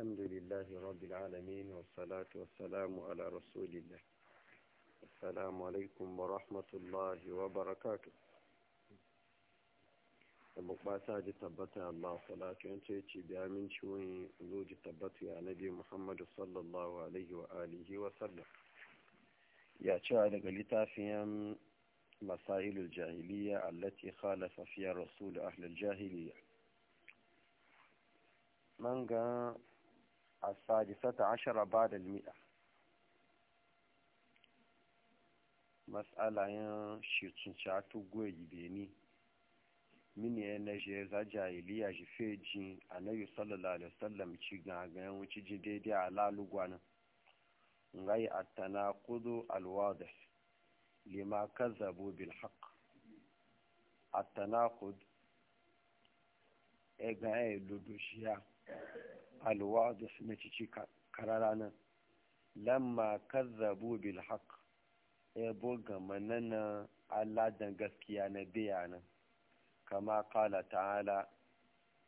الحمد لله رب العالمين والصلاة والسلام على رسول الله السلام عليكم ورحمة الله وبركاته بقباسا جي تبتا الله صلاة ينتهي تي بيامن شوي زوج تبتا يا نبي محمد صلى الله عليه وآله وسلم يا شاء لقلتا فيهم مسائل الجاهلية التي خالف فيها رسول أهل الجاهلية من السادسة عشر بعد المئة مسألة شاتو قوي بيني من ينجي زجا إليا جفيجي أنا يصلى الله عليه وسلم تشيغا غيان وتشيجي ديدي على لغوانا غي التناقض الواضح لما كذبوا بالحق التناقض إيغا إيه لدوشيا alwadu suna cici kararanan lamma kazzabu bil haq ebo manana Allah aladan gaskiya na biya nan kama kala ta'ala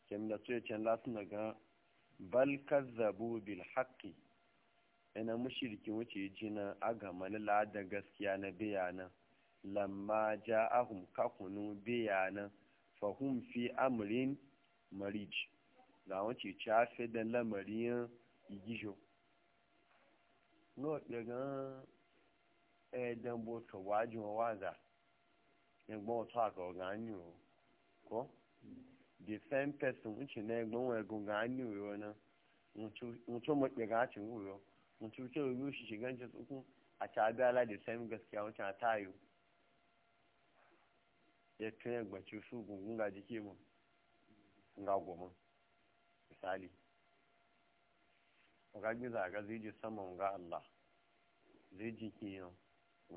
kim da tuyacin lasuna ga bal kazzabu bil haqqi ina mushrikin wuce jina a gama ladan gaskiya na biya nan lamma ja'ahum kakunu biya nan fahum fi amrin marij da wace ci afe da lamarin igijo no daga ẹ̀ẹ́dẹ̀n bó tọ̀ wájú wọn wá dà ẹgbọ́n ọ̀tọ́ àgọ̀ o ko? the same person ń na náà e ẹgbọ́n wọn e ga gàánì o yọ náà ń tó mọ̀ pé gàánì wò yọ ń tó tó orí òṣìṣẹ́ gánjẹ́ sókún àti abẹ́ aláde same gaskiya wọ́n ti àtàyò ẹ̀tún ẹgbẹ̀tì fún su gàdí kí mọ̀ ń gàgbọ̀ misali ga giza ga zai ji saman ga Allah zai ji kiyon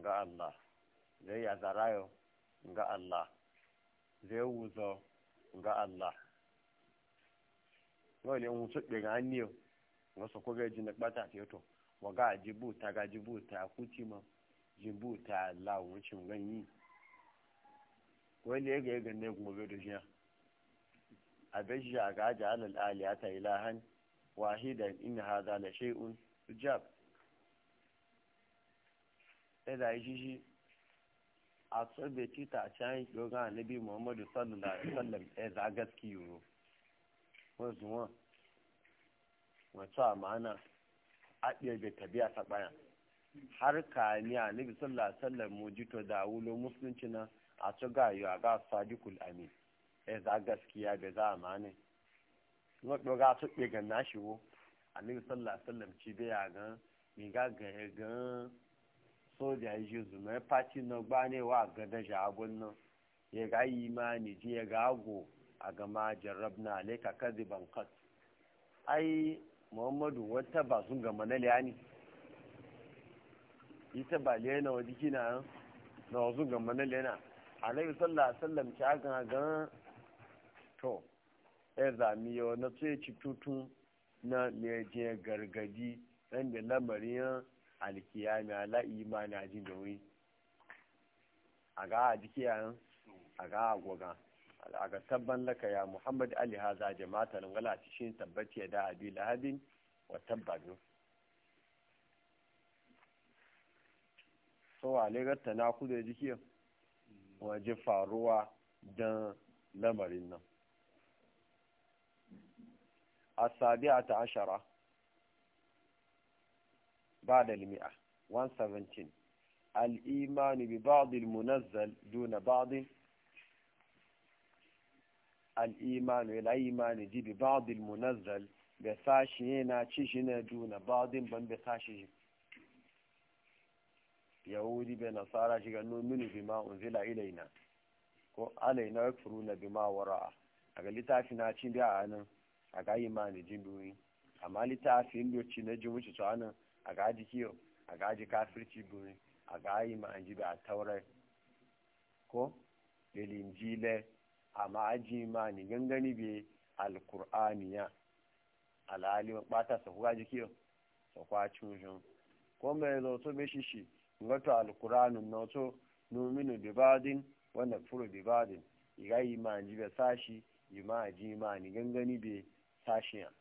ga Allah zai ya zarayo ga Allah zai wuzo ga Allah wani yan wuce ɗiga hanniyo wasu kogar ji na ɓata to wa ga ta ga ta kuti ma ta lawuncin ganyi wani ya ga ya ganne kuma bai da jiya abejja ga ja'ala al ta ilahan wahidan in shaiun la shay'un ujab eda shi a tsobe tita can yoga nabi muhammadu sallallahu alaihi wasallam e za gaskiyo wasu wa wato amana a ɗebe tabiya ta bayan har ka ni nabi sallallahu alaihi wasallam mu jito da wulo musulunci na a tsoga yo ga sadiqul amin e za gaskiya bai za ma ne kuma ɗoga su ɗe gan na shigo annabi sallallahu alaihi wasallam ci bai ya gan mi ga ga gan soja ya ji zuma ya faci na gbanewa ga daja abun nan ya ga yi ma ni ji ya ga ago a gama jarrabna alaika kadiban qat ai muhammadu wata ba sun gama na liyani ita ba liyana wa jiki na na wasu gama na liyana alaihi sallallahu alaihi wasallam ci agan gan to ya e zami yau na tsaye ci tutu na neje gargadi ɗan da lamarin alkiyami ala imani a jin da a ga a jiki a ga a goga a ga tabban laka ya muhammad ali haza jama'ata wala ci shi tabbaci ya da abi lahabin wa tabbabin so a legar ta na kudu da jiki waje faruwa don lamarin nan السابعة عشرة بعد المئة 117 الإيمان ببعض المنزل دون بعض الإيمان والإيمان دي ببعض المنزل بساشينا تشينا دون بعض بن بساشي يهودي بنصارى شيئا نؤمن بما أنزل إلينا علينا يكفرون بما وراء أقل لتعفنا تشين بها a ga imani jin biyu amma littafin doci na jin wuce tsohon a ga ji kiyo a ga ji kafirci biyu a ga yi imani ji da taurar ko ilinjile amma aji imani gangani bai alkur'aniya alhalin bata sa kuka ji kiyo a kwa shi ko mai shi shi shishi wato alkur'anin na nominu dibadin wannan furo bibadin yi imani bai sashi a ji ni gangani bai potassium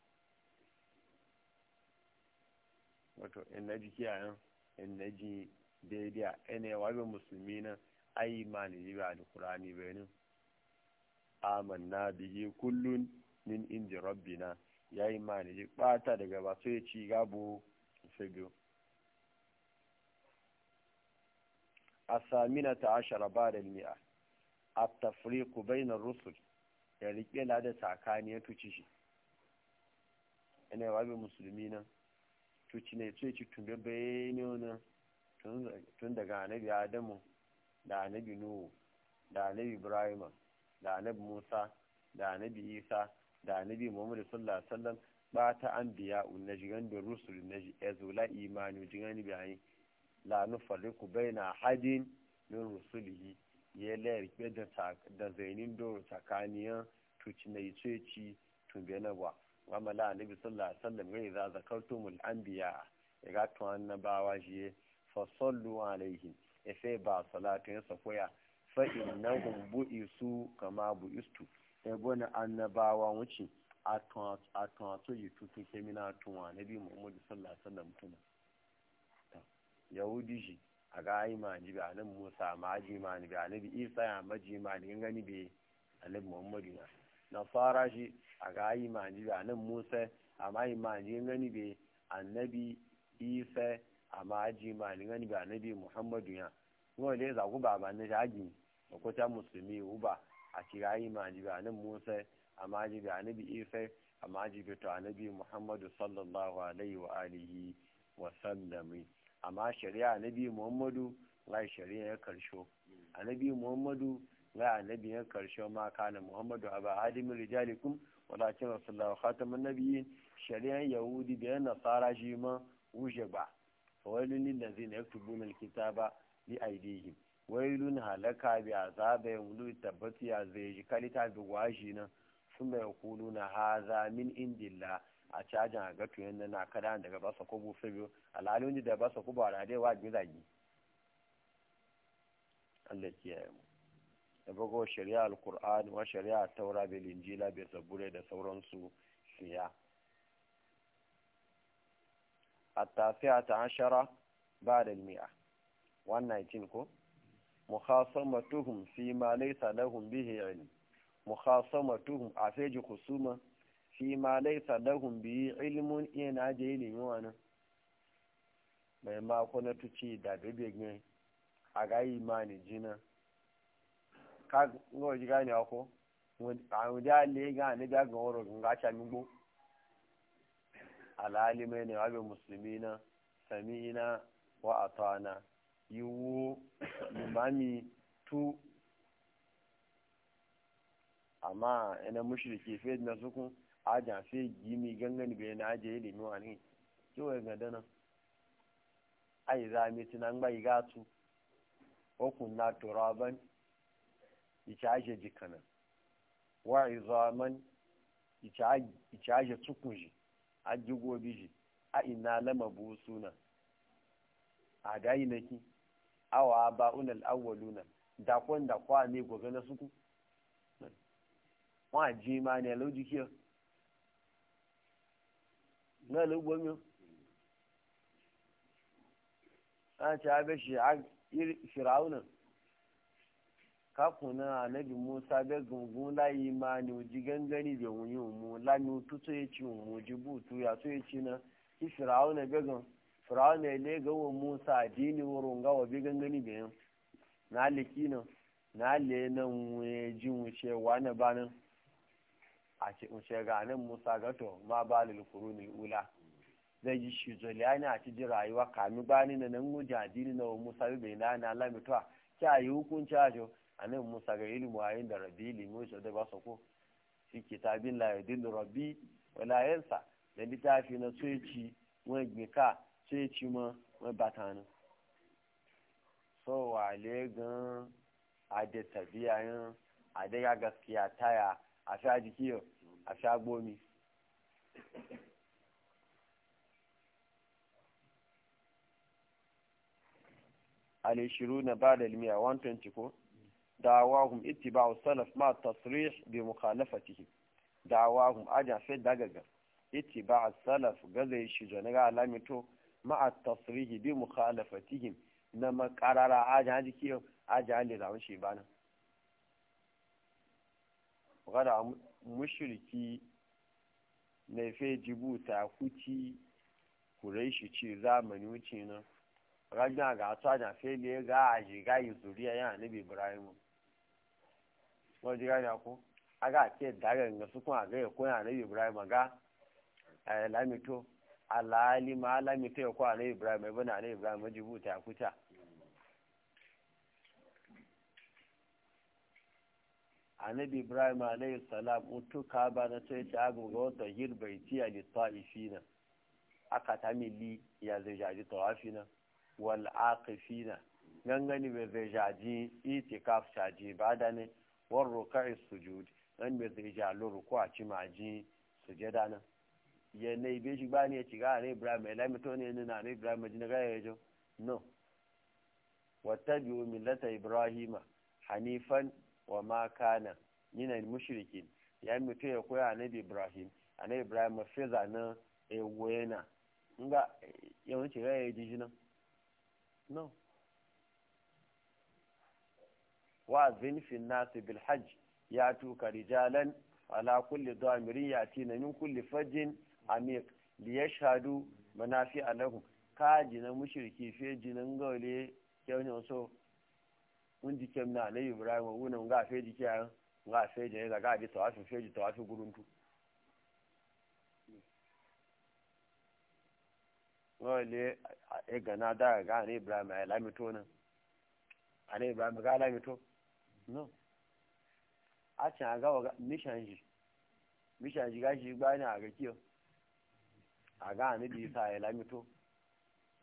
wato energy ke yan energy dai a eh, ne wajen musulmi na ayi mani yi ba da kurani benin amanna bihi kullun min inji rabbina ya yi mani yi bata daga ba sai ya ci gabo su biyu a ta ashara ba da mi'a a tafriku bainar rusul ya rike na da ya tuci shi ina wabe musulmi na to ci ne ce ci tumbe bayani wani tun daga anabi adamu da anabi nuhu da anabi ibrahim da anabi musa da anabi isa da anabi muhammadu sallallahu alaihi wasallam ba ta an biya na jigan da rusul na ezula imanu jigan biyayi la nufarriku baina hadin min rusulihi ya layar da zainin doro tsakaniyan tuci na yi ci tumbe na ba wamala nabi sallallahu alaihi wasallam ga idza zakartumul anbiya ya ga to annabawa shi fa sallu alaihim e sai ba salatu ya sakoya fa innahum bu'isu kama bu'istu e bona annabawa wuce a aton to yi tutu kemina tuwa nabi muhammad sallallahu alaihi wasallam tuna yahudi shi a ga imani bi annabi musa ma ji imani bi annabi isa ma ji imani gani bi annabi muhammad na fara shi a ga yi maji a nan musa amma yi maji gani be annabi isa amma aji maji gani be annabi muhammadu ya kuma da ya zaku ba ba na shagi da kuta musulmi uba a ci ga yi maji a nan musa amma aji be annabi isa amma aji be to annabi muhammadu sallallahu alaihi wa alihi wa sallami amma shari'a annabi muhammadu lai shari'a ya karsho annabi muhammadu ga annabiyan karshe ma kana muhammadu aba hadimin rijalikum walakin rasulullah khatamun nabiyyin shari'an yahudi da nasara shi ma wuce ba wani lil ladzina yaktubuna alkitaba bi aydihim wailun halaka bi azaba yamulu tabbati ya zai ji kalita bi washi na suma yaquluna hadha min indillah a cajin ga tuyen na kada daga basa ko bufe biyo alhalin da basa ko ba da dai wa gizagi Allah kiyaye da fago shari'a al-Qur'an wa shari'a Taurat bil Injila bil Zabur da sauransu siya. a tafiya ta 'ashara ba'da al-mi'a 119 ko mukhasamatuhum fi ma laysa lahum bihi 'ilm mukhasamatuhum afaji khusuma fi ma laysa lahum bi 'ilmun ina je ne wannan mai mako na tuci da bibiyin a ma imani jina. ka ngo ji gane ko mu da le ga ne ga ga woro cha mi gbo alalime ne wa be muslimina samina wa atana yiwu limami tu amma ina mushriki fe na sukun aja fe gimi gangan be na aje ilimi wani kiwa ga dana ai za mi tinan bai gatu okun na turaban ìcáàjẹ jìkànnà wà ìzọ́mọ́n ìcáàjẹ tukùn jì ajigobi jì a ina lama bu suna a gayi na ki awa ba unal awwaluna dakon da kwa ne gobe na suku wọn àjí máa ní ẹlójú kí ọ náà ló gbómi ọ láti abẹ́ṣe fìràwùnà. kakuna anabi musa bɛ gungun layi ma ni o ji gangani bɛ wunyi mu lami o tutu ye ci mu ji butu ya to ye ci na ki firawo na bɛ gan firawo na ile ga wo musa adini woro nga wa bi gangani bɛ yan na ale na na ale na nwunye ji nwuce wa na ba a ce nwuce ga nan musa ga to ma ba lalukuru ne ula zai ji shi zoliya a ci rayuwa kami bani na nan wuce adini na wa musa bi bai na na lamitowa kya yi hukunci a jo anan musa ga ilmu ayin da rabi limu shi da ba su ko shi kitabin la da rabi wala yansa da litafi na tsoci wani gbeka tsoci ma wani batanu so le gan ade tabiya yin adega ga gaskiya taya a sha jikiyo a sha gomi shiru na ba'da da mia 120 ko dawahum ittiba'u salaf ma tasrih bi mukhalafatihi dawahum aja fe dagaga ittiba'u salaf gaza shi jona ga alamito ma tasrih bi mukhalafatihim na makarara aja haji kiyo aja ne zaun shi bana gada mushriki na fe jibuta kuci kureshi ci zamani wuce na ragna ga ta fe ne ga aji ga yuzuriya ya nabi ibrahimu wọ́n jí gáyà kú aga àti ẹ̀dárẹ̀ ǹgà sókún àgẹ́ ẹ̀kọ́ àrẹ́ ibrahim aga alamito alalima alamito ẹ̀kọ́ àrẹ́ ibrahim ẹ̀bọ́n na àrẹ́ ibrahim ojúbù tàkútà anabi ibrahim alayhi salam mutu kaba na sai ta abu ga wata yirbaiti a littafina aka ta ya zai jaji tawafina wal aqifina gangani bai zai jaji itikaf jaji ba da ne wọn ruka'i sujud an bai zai ji alo ruku a ci maji sujada nan ya na ibe shi ba ne a ciga a ne ibrahim ya lamito ne nuna na ibrahim ji na gaya ya jo no wata biyu millata ibrahima hanifan wa ma kana yana mushrikin ya mito ya koya annabi na annabi ibrahim ma fiza na ewo yana nga yawanci gaya ya ji shi na. no wa zinfin nasu bil hajj ya tuka rijalan ala kulli damirin ya tina min kulli fajin amir li yashhadu manafi alahu ka jina mushriki fe jinan gole kyawun so mun ji kem na alayi ibrahim wuna nga fe ji kya ga fe je ga ga di tawafi fe ji tawafi guruntu wale e gana da ga ne ibrahim ya lamito nan ibrahim ga lamito no a can a gawa mishanji mishanji gashi ni a ga kiyo a ga anabi sa ya lamito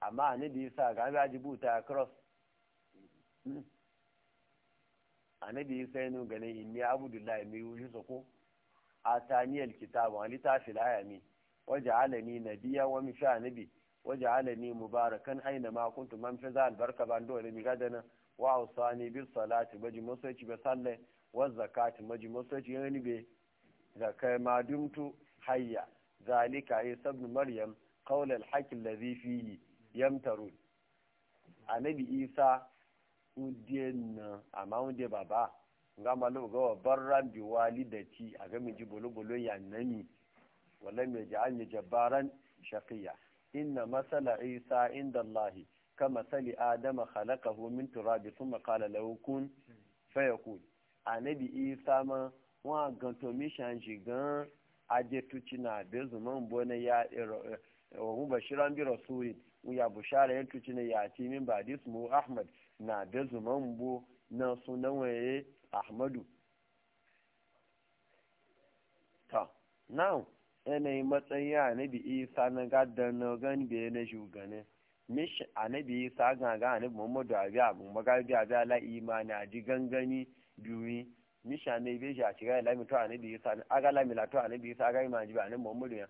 amma anabi sa ga ga buta ya cross hmm. anabi sa ya nugane inni abudullahi mai wuce ko a taniyar kitabu a littafi layami waje alami na biya wa misha waje alami mubarakan aina ma kuntu man fi za albarka ban dole mi gadana wa usani bil salati baji musulci be salle wa zakati maji musulci yani be zakai ma dumtu hayya zalika isa ibn maryam qawl al haqq alladhi fihi yamtarun anabi isa udin amma unde baba nga malu ga barran bi walidati a ga miji bolo ya nani wallahi me ja'alni jabbaran shaqiya inna masala isa inda allahi kama sali adama khalaqahu min turabi thumma qala lahu kun fayakun anabi isa ma wa ganto mi shanji gan aje tuci na be zuman bone ya wa bashiran bi rasulin ya bushara ya tuci na ya ci min ba mu ahmad na be zuman bu na sunan waye ahmadu ta now yanayin matsayin anabi isa na gaddan na gan be na shugane mish anabi sa ganga anabi muhammadu abi abu magabi abi ala imani adi gangani biyu mish anabi shi a shiga lami to anabi sa aga lami la to anabi sa aga imani bi anabi muhammadu ya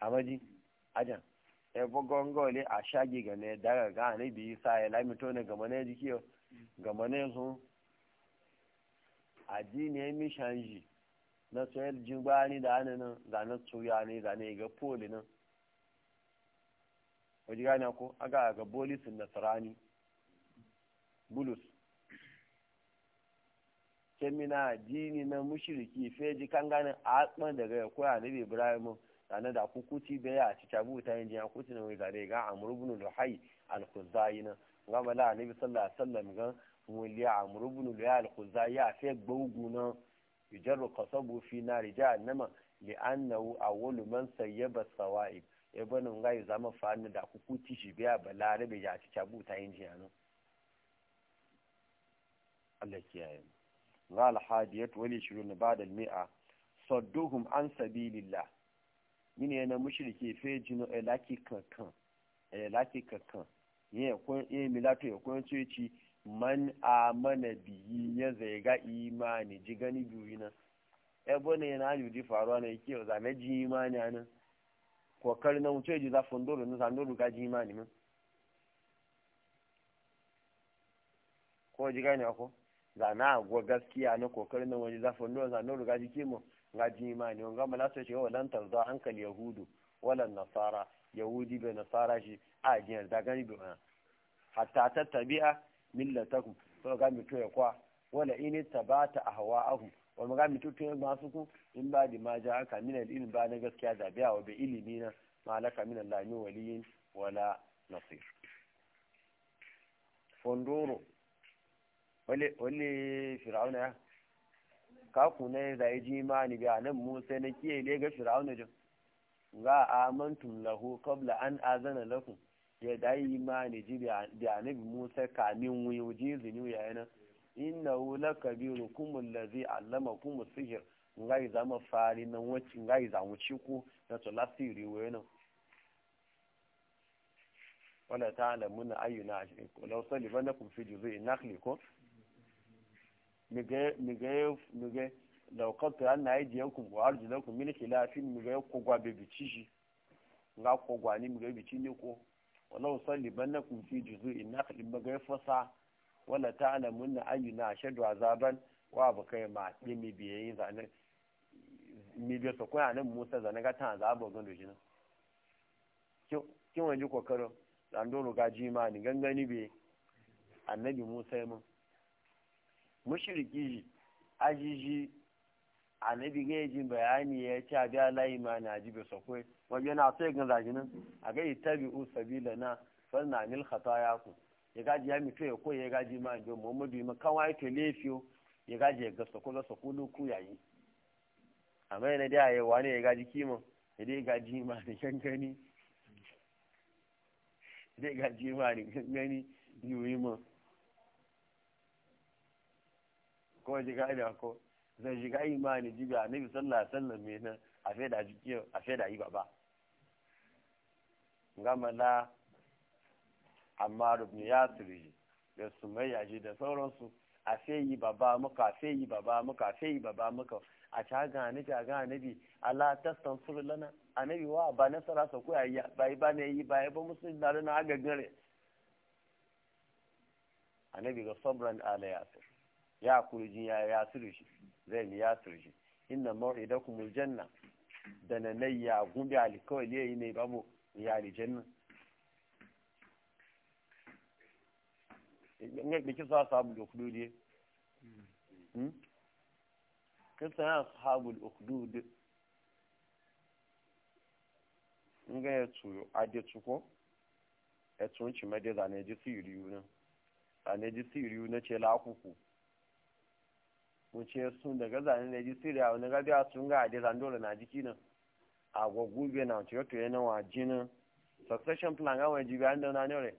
amaji ajan e bogongo le a shagi ga ne daga ga anabi sa ya lami to ne gama ne jikiyo gama ne sun addini ya mishanji na tsoyar jin gbani da hannun nan ga na tsoya ne ga ne ga poli nan waje gane ko aga ga bolisin nasarani bulus kemina dini na mushiriki feji kan ganin asman daga ya koya nabi ibrahim tana da kukuti da ya ci tabu ta yin jiya kuti na mai ga amur ibn luhai al-khuzai na ga da nabi sallallahu alaihi wasallam ga muliya amur ibn luhai al-khuzai ya fe gbogu na yujarru qasabu fi nar jahannama li'annahu awwalu man sayyaba sawa'ib ya bani nga yi zama fani da kuku tishi biya ba larabe ya ci cabu ta yin jiya nan Allah kiyaye mu nga alhadiyat wali ba da al-mi'a sadduhum an sabilillah mini yana mushriki fe jino laki kankan laki kankan ye ko ye milato ye ko ci man amana biyi ya zai ga imani ji gani biyu na yana yudi faruwa na yake zame ji imani anan kokari na wuce ji za na sandoro ga ji imani min ko ji gane ko zana agwa gaskiya na kokari na waje za fondoro sandoro ka ji kimo ga ji imani wanga mala sai ce walan tarza hankali yahudu walan nasara yahudi bai nasara shi a jiyar da gani bi hatta tattabi'a millatakum to ga mi to ya kwa wala in tabata ahwa'ahum wani ga mutu tun ba ku in ba di ma ja aka min ilmi ba na gaskiya da biya wa bi ilimi na ma laka min Allah min waliyin wala nasir fondoro wale wale fir'auna ya ka ku ne da ji ma ni ga nan sai na kiye ne ga fir'auna za ga amantum lahu qabla an azana lakum ya dai ma ni ji bi annabi Musa kamin wuyu ji zinu ya innahu lakabirukum allazi allamakum as-sihr ngai zama fari nan wacce ngai zamu ci ku na to lasiri wayo wala mun ayyuna ashriku law salibanakum fi juz'i nakhli ko mige mige mige law qata anna aydiyakum wa arjulakum min khilafin mige ko gwa be bicishi nga ko gwa ni mige bici ne ko wala salibanakum fi juz'i nakhli mige fasa wala ta'lamun na ayyuna ashadu azaban wa ba kai ma ɗi mi biye yin zanen mi biye so kuna ne musa zanen ga tan azabo gan doji nan kin wani kokaro zandoro ga ma ni gangani be annabi musa ya mun ji ajiji annabi ga yajin bayani ya ci a biya layi ma na ji bai sakwai wajen na sai gan zaji nan a ga itabi u sabila na sannan khataya ku ya gaji ya mito ya koya ya gaji ma jo muhammadu ya to lefiyo ya gaji ya gasa kula sa ku yayi amma yana da ya wani ya gaji kima ya dai gaji ma da gangani dai gaji ma da gangani yoyi ma ko ji gani ko zai shiga imani jibi a nabi sallallahu alaihi wasallam ne a feda jikiyo a feda yi baba ngamala amma rubni ya da sumayya ji da sauransu a feyi baba muka feyi baba muka yi baba muka a ga ni ca ga nabi ala ta suru lana anabi wa ba nasara sa ko ayi ba yi ba ne yi ba yi ba musulmi da na ga gare anabi ga sabran ala yasir ya kurji ya yasir shi zai ni yasir shi inna mawidakumul janna da nanayya gumbi alikawai ne yi ne babu ya aljanna da hmm. Hmm? kisa ashabul ukhdud ye kisa ashabul ukhdud nga ya tsuyo ade tsuko ya tsun ci made za ne ji siriyu na za ne ji siriyu na ce lakuku mun ce sun daga za ne ji siriya wani gabi a sun ga ade zan dole na jiki na agwagwube na ce to yana wa jinin succession plan awon jibi an da na ne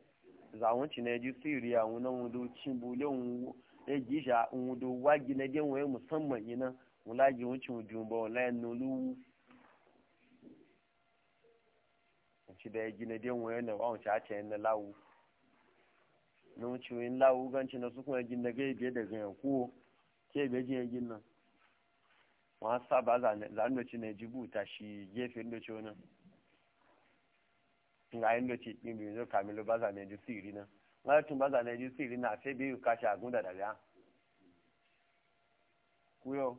zawunci na ji a wunan wudu cimbule ya e gisha wudu wagi na gen waye musamman wulagi ba nulu ci da ya gina den waye na wawon na lawu na wucin yin lawu ganci na su kuma gina gai biye ke gina shi gefe wani nga yin doci ɗin biyu zo kamilu ba zane ji siri na nga tun ba zane ji siri na sai biyu kashi a gunda da ya kuyo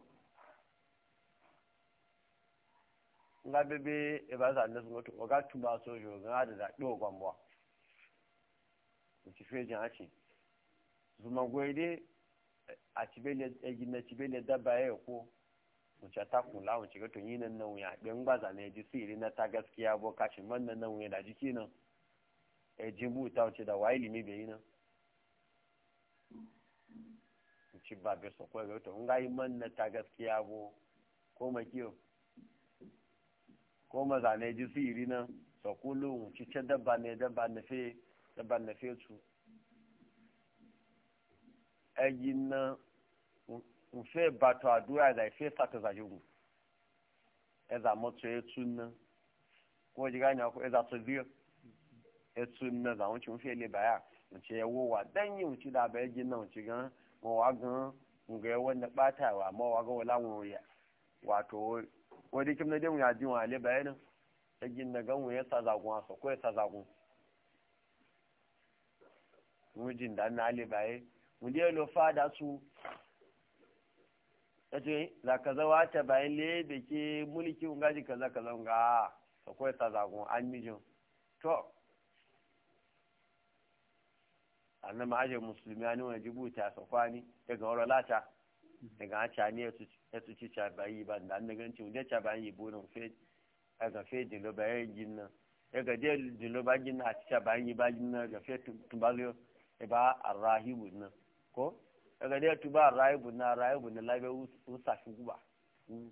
nga bebe e ba zane sun goto oga tun ba so jo nga e da zaɓi o gwambo ci fiye jin haci zuma goyi dai a cibele egin na cibele dabba e ya ko wuce ta kula wuce ga tun yi nan nan wuya ɗin gbaza na ji siri na ta gaskiya bo kashin man nan nan wuya da jiki nan ya e, ji buta wace da wayi limi bai yi nan wuce ba bai so kawai ga tun ga yi man na ta gaskiya bo ko ma kiyo ko ma zane ji siri nan so kullu wuce ce dabba ne dabba na fe dabba na fe su ayi e, nan nfe bato adura da ife e fata za Ɛza eza moto etu nna ko jiga nya ko ɛza to biyo etu nna za won chi nfe le baya nche ewo wa danyi nchi da ba eji na nchi gan mo wa gan nga ewo na bata wa mo wa ga wala won ya wato wadi kimna de mun ya ji wa le baya na eji na gan won ya sa za gun aso ko ya sa za gun mun jin da na le baya mun de lo fada su ta za ka zawa ta bayan le da ke mulki unga ji kaza kaza unga ta kawai ta zagon an mijin to annan ma'ajin musulmi ya nuna jibuta su kwani daga wara lata daga haca ne ya tuci cabayi ba da an daga cin wajen cabayi yi bonin ga fe dilo bayan yin nan ya ga je dilo ba gin a ci cabayi ba gin nan ga fe tumbaliyo ya ba arrahibu nan ko daga dai tu ba rayu buna rayu buna labe usa shi guba hmm.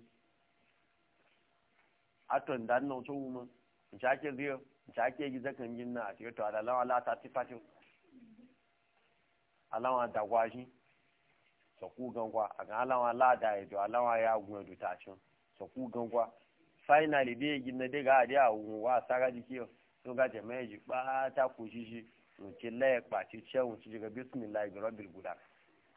aton dan nan to mu in shake riyo in shake giza kan jin na ce to ala ala ta ti fati alawa da gwashi so ku gangwa a ga alawa la da ya to alawa ya gun du ta cin so ku gangwa finally bi gin na daga adi a wa saga dikiyo to ga jama'a ji ba ta ku shi shi mu ci lai pa ci ce mu ci ga bismillah rabbil gudak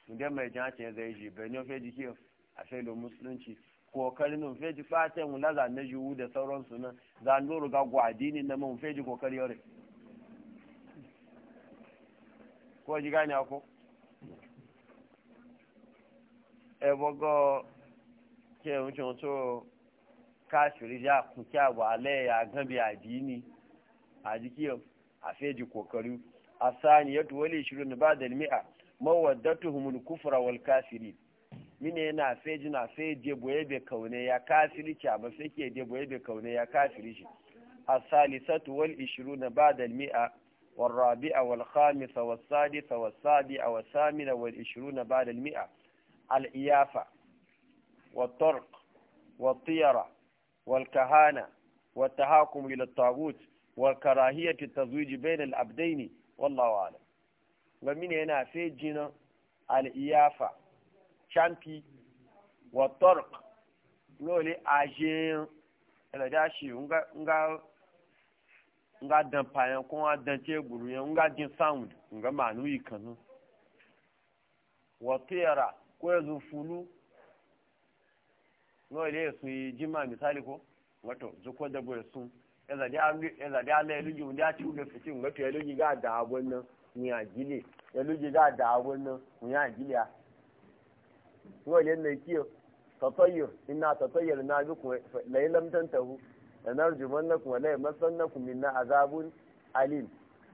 inda mai jan jace zai ji benin feji ke a shaidon musulunci kokarin nun feji fatan wula za na jiwu da sauransu nan za n doro ga gwadi na mun feji kokari yore ko ji gani ako ebogo ke wucin so kashiri ya kuke abu alaye ya gabi adini a jikiyar a feji kokari a sani ya tuwali shirin ba da mi'a mawaddatuhum al-kufra wal kafirin mine na feji na feje boye be kaune ya kafiri ci ba fake je boye be kaune ya kafiri shi as-salisatu wal 20 ba'da al-mi'a والرابعة والخامسة والسادسة والسابعة والثامنة والعشرون بعد المئة الإيافة والطرق والطيرة والكهانة والتهاكم إلى الطاغوت والكراهية التزويج بين الأبدين والله أعلم gamine yana fe al'iyafa champi wa tork lóòlì àṣeyàn ẹlẹ́dẹ́ àṣeyàn ńgá dán pààyàn kó wọ́n dán téèbùrù yẹn ńgá dín sound ńgá màánú ìkànnú wọ́tíyàrá kó ẹ̀sùn fúlú lóòlì ẹ̀sùn ìjímà mìsálì kó wọ́tọ̀ zokó dẹ́gbọ̀ ẹ̀sùn ẹ̀sàdé alẹ́ ẹlójú ńdí àti da fìtì ńgá tó ẹlójú gáà dà àbọ̀ náà. ní àjílè ẹlójú dáadáa àwọn náà ní àjílè à wọ́n lè nà kí o tọ́tọ́ yìí iná tọ́tọ́ yìí lọ́nà àdúkùn lẹ́yìn lọ́mtẹ́ntẹ́hu lẹ́nà rùjùmọ́ nàkùn lẹ́yìn mọ́sánnákùn mi ná àzábù alim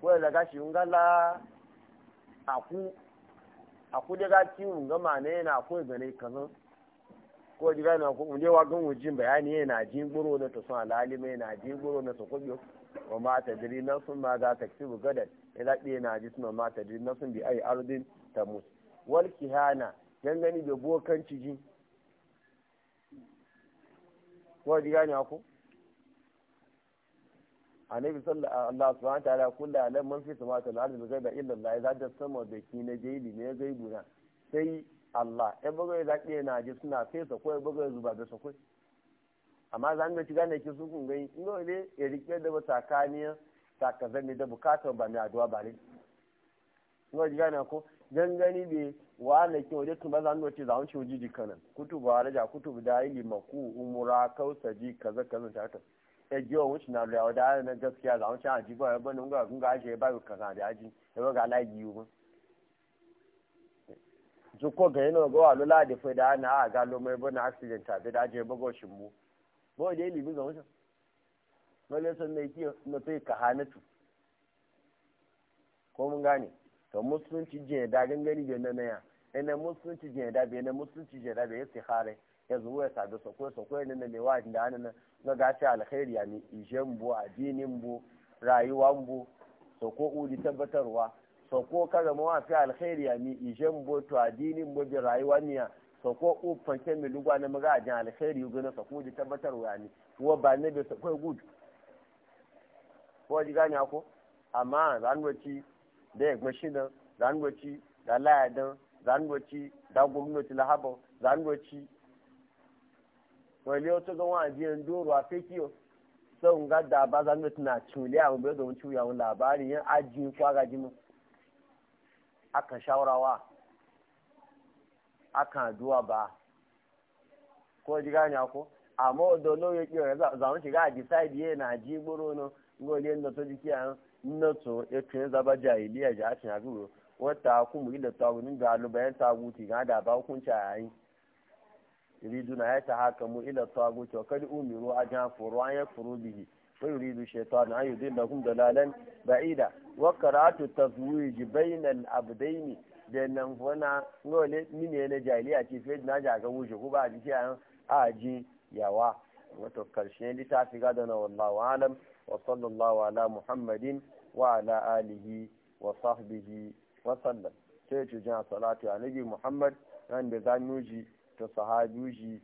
wọ́n lè ga ṣì àkú àkú tí gama ní yẹn àkú ìgbẹ̀rẹ̀ kànán kó o jìgá náà kó o jẹ́ gán wò jí ni àjí gbóró na tọ̀sán àlàálí mẹ́ yẹn àjí gbóró na sọ̀kọ́bíọ́ wọ́n ila ɗaya na ji suna mata ji na sun bi ai ardin tamus wal kihana gangani da bokan ciji ko ji gani ako annabi sallallahu alaihi ta'ala kullu alam man fi samawati wal ardi ghaiba illa Allah idza da sama da ki na gaili ne gaibu na sai Allah e bago ya zade na ji suna fesa ko bago zuba da sokoi amma zan ga ci gane ki su kun gani ino ne ya rike da ba tsakaniya saka zan da bukatar ba mai aduwa ba ne ko ji gane ko gangani bai ne ke waje tun ba za nuna ce za wuce wuji jikanan Kutubu ba raja kutubu da yi maku umura kausa ji kaza kaza ta ta ya e ji wa wuce na lura da na gaskiya za wuce a jiba ya bani ga kun ga ashe ya ba ku kaza da yaji ya ga lagi yi ba zuko ga yana ga wa lula da fa da ana a galo mai bani accident ta bi da aje bugo shimbu bo da ne bi za wuce wale sun mai kiyo na sai ka hanatu ko mun gane to musulunci jiya da gangari bai na naya ina musulunci jiya da bai na musulunci jiya da bai sai hare ya zuwa ya sadu sako sako ne na lewa da anan na gaci alkhairi ya ije ijen bu addinin bu rayuwan bu sako uli tabbatarwa sako kaga mawa fi alkhairi ya ne ijen bu to addinin bu bi rayuwa niya sako ufan kemi lugwa na magajin alkhairi alkhairi gona sako uli tabbatarwa ne wa ba ne bai sako gudu ko ji gane ko amma zanwaci da ya gmashi nan zanwaci da layadan zanwaci da gwamnati lahaban zanwaci wani yau tugan wa biyan doro a fekiyo sau ga da ba zanwaci na cule a mabai domin cuya wani labari yin ajiyin kwaga jimin akan shawarawa akan aduwa ba ko ji gane ko ngoli na to jiki an na to e tun zaba jahiliya ja cin aguro ta ku mu ila tawo nin ga lu bayan taguti ga da ba hukunci ayi yuridu na ya tahakamu ila taguti wa kad umiru ajan furu an yakfuru bihi ويريد الشيطان أن da ضلالا بعيدا وقرأت التزويج بين الأبدين لأنهم هنا نقول من هنا جاهلية كيفية نجا كوجه هو بعد كي أجي يوا وتكرشين لتعفي قدنا والله أعلم وصلى الله على محمد وعلى آله وصحبه وسلم sai jan salatu a nabi muhammad ran da zanuji ta sahabuji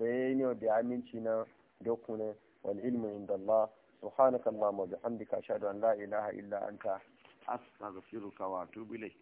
bayani da aminci na dokunan wal ilmu inda Allah subhanakallahumma wa bihamdika la ilaha illa anta